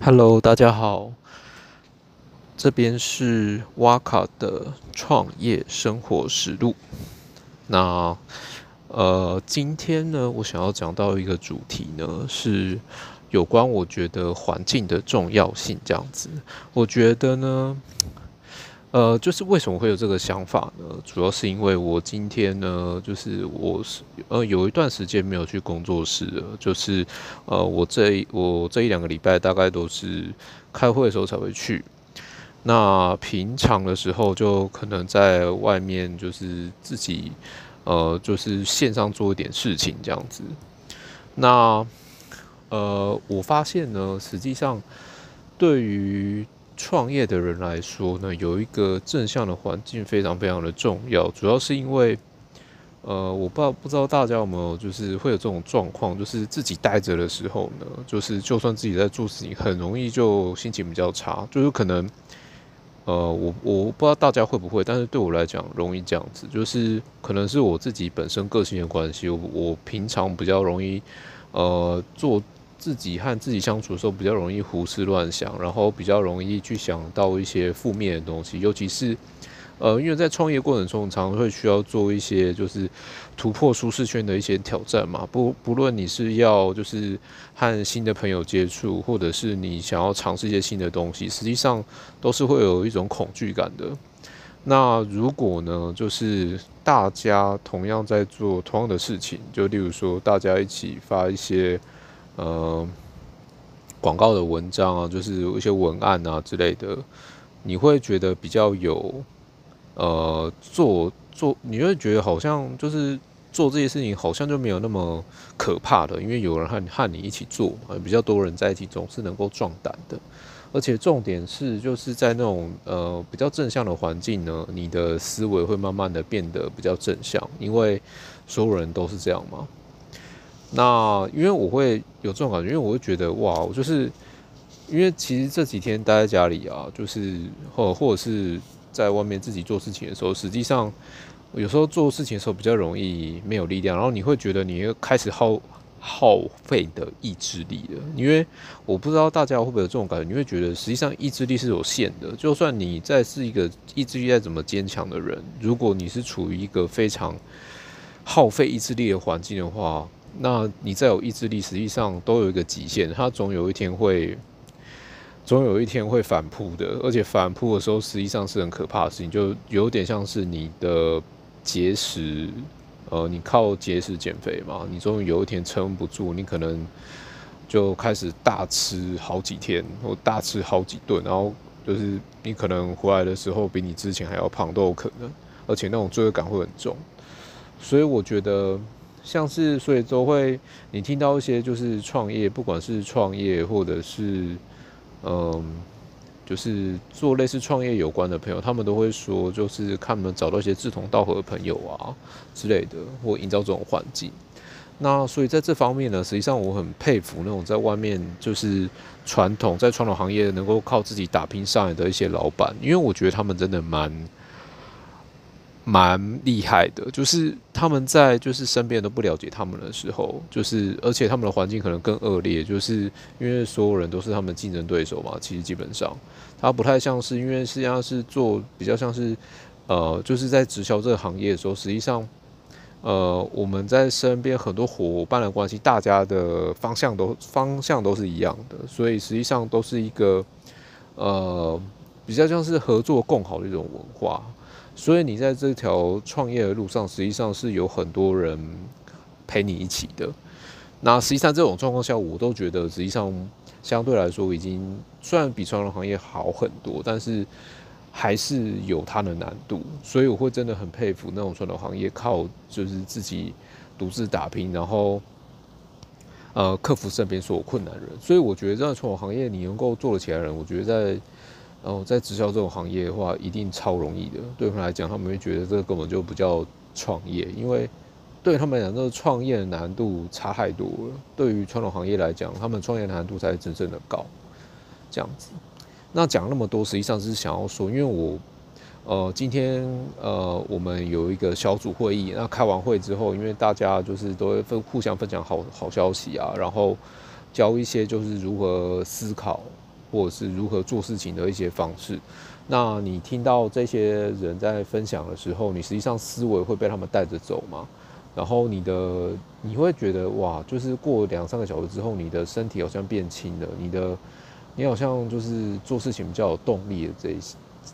Hello，大家好。這邊是哇卡的創業生活實錄。那呃，今天呢，我想要講到一個主題呢，是有關我覺得環境的重要性。這樣子，我覺得呢。呃，就是為什麼會有這個想法呢？主要是因為我今天呢，就是我是呃，有一段時間沒有去工作室了，就是呃，我這一我這一兩個禮拜大概都是開會的時候才會去，那平常的時候就可能在外面，就是自己呃，就是線上做一點事情這樣子。那呃，我發現呢，實際上對於。創業的人來說呢，有一個正向的環境非常非常的重要。主要是因為，呃，我不知道不知道大家有沒有就是會有這種狀況，就是自己待着的時候呢，就是就算自己在做事情，很容易就心情比較差，就有可能，呃，我我不知道大家會不會，但是對我來講容易這樣子，就是可能是我自己本身個性的關係，我我平常比較容易，呃，做。自己和自己相處的時候，比較容易胡思亂想，然後比較容易去想到一些負面的東西。尤其是，呃，因為在創業過程中，常常會需要做一些就是突破舒適圈的一些挑戰嘛。不不論你是要就是和新的朋友接觸，或者是你想要嘗試一些新的東西，實際上都是會有一種恐懼感的。那如果呢，就是大家同樣在做同樣的事情，就例如說大家一起發一些。呃，廣告的文章啊，就是一些文案啊之類的，你會覺得比較有，呃，做做，你會覺得好像就是做這些事情好像就沒有那麼可怕的，因為有人和和你一起做，比較多人在一起總是能夠壯膽的，而且重點是就是在那種呃比較正向的環境呢，你的思維會慢慢的變得比較正向，因為所有人都是這樣嘛。那因為我會有這種感覺，因為我會覺得哇，我就是因為其實這幾天待在家裡啊，就是或或者是在外面自己做事情的時候，實際上有時候做事情的時候比較容易沒有力量，然後你會覺得你會開始耗耗費的意志力了。因為我不知道大家會不會有這種感覺，你會覺得實際上意志力是有限的，就算你再是一個意志力再怎麼堅強的人，如果你是處於一個非常耗費意志力的環境的話，那你再有意志力，實際上都有一個極限，它總有一天會，總有一天會反撲的。而且反撲的時候，實際上是很可怕的事情，就有點像是你的節食，呃，你靠節食減肥嘛，你終於有一天撐不住，你可能就開始大吃好幾天或大吃好幾頓，然後就是你可能回來的時候比你之前還要胖都有可能，而且那種罪惡感會很重。所以我覺得。像是，所以都會你聽到一些就是創業，不管是創業或者是，嗯，就是做類似創業有關的朋友，他們都會說，就是看能不能找到一些志同道合的朋友啊之類的，或營造這種環境。那所以在這方面呢，實際上我很佩服那種在外面就是傳統，在傳統行業能夠靠自己打拼上來的一些老闆，因為我覺得他們真的蠻。蠻厲害的，就是他們在就是身邊都不了解他們的時候，就是而且他們的環境可能更惡劣，就是因為所有人都是他們競爭對手嘛。其實基本上，他不太像是，因為實際上是做比較像是，呃，就是在直銷這個行業的時候，實際上，呃，我們在身邊很多夥伴的關係，大家的方向都方向都是一樣的，所以實際上都是一個呃比較像是合作共好的一種文化。所以你在這條創業的路上，實際上是有很多人陪你一起的。那實際上這種狀況下，我都覺得實際上相對來說已經，雖然比傳統行業好很多，但是還是有它的難度。所以我會真的很佩服那種傳統行業靠就是自己獨自打拼，然後呃克服身邊所有困難的人。所以我覺得在傳統行業你能夠做得起來的人，我覺得在。然後在直銷這種行業的話，一定超容易的。對他們來講，他們會覺得這個根本就不叫創業，因為對他們來講，這個創業的難度差太多了。對於傳統行業來講，他們創業難度才真正的高。這樣子，那講了那麼多，實際上是想要說，因為我，呃，今天呃，我們有一個小組會議，那開完會之後，因為大家就是都會分互相分享好好消息啊，然後教一些就是如何思考。或者是如何做事情的一些方式，那你聽到這些人在分享的時候，你實際上思維會被他們帶着走嗎？然後你的你會覺得哇，就是過兩三個小時之後，你的身體好像變輕了，你的你好像就是做事情比較有動力的這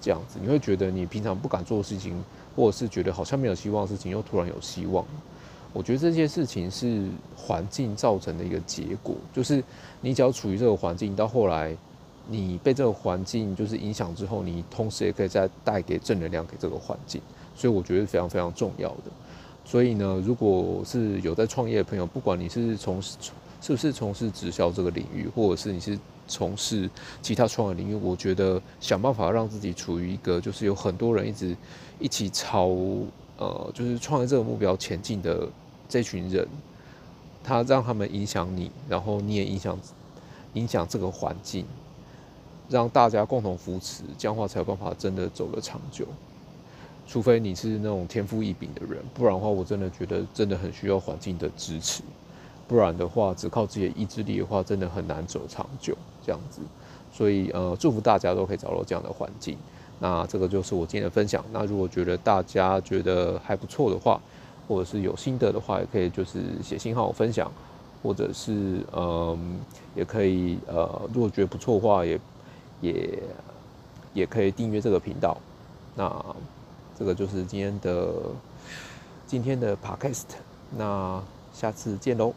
這樣子，你會覺得你平常不敢做事情，或者是覺得好像沒有希望的事情，又突然有希望。我覺得這些事情是環境造成的一個結果，就是你只要處於這個環境，到後來。你被這個環境就是影響之後，你同時也可以再帶給正能量給這個環境，所以我覺得非常非常重要的。所以呢，如果是有在創業的朋友，不管你是從事是不是從事直銷這個領域，或者是你是從事其他創業領域，我覺得想辦法讓自己處於一個就是有很多人一直一起朝呃就是創業這個目標前進的這群人，他讓他們影響你，然後你也影響影響這個環境。讓大家共同扶持，這樣的話才有辦法真的走得長久。除非你是那種天賦異稟的人，不然的話，我真的覺得真的很需要環境的支持。不然的話，只靠自己的意志力的話，真的很難走長久這樣子。所以，呃，祝福大家都可以找到這樣的環境。那這個就是我今天的分享。那如果覺得大家覺得還不錯的話，或者是有心得的話，也可以就是寫信和我分享，或者是，嗯、呃，也可以，呃，如果覺得不錯的話，也也也可以訂閱這個頻道，那這個就是今天的今天的 podcast，那下次見嘍。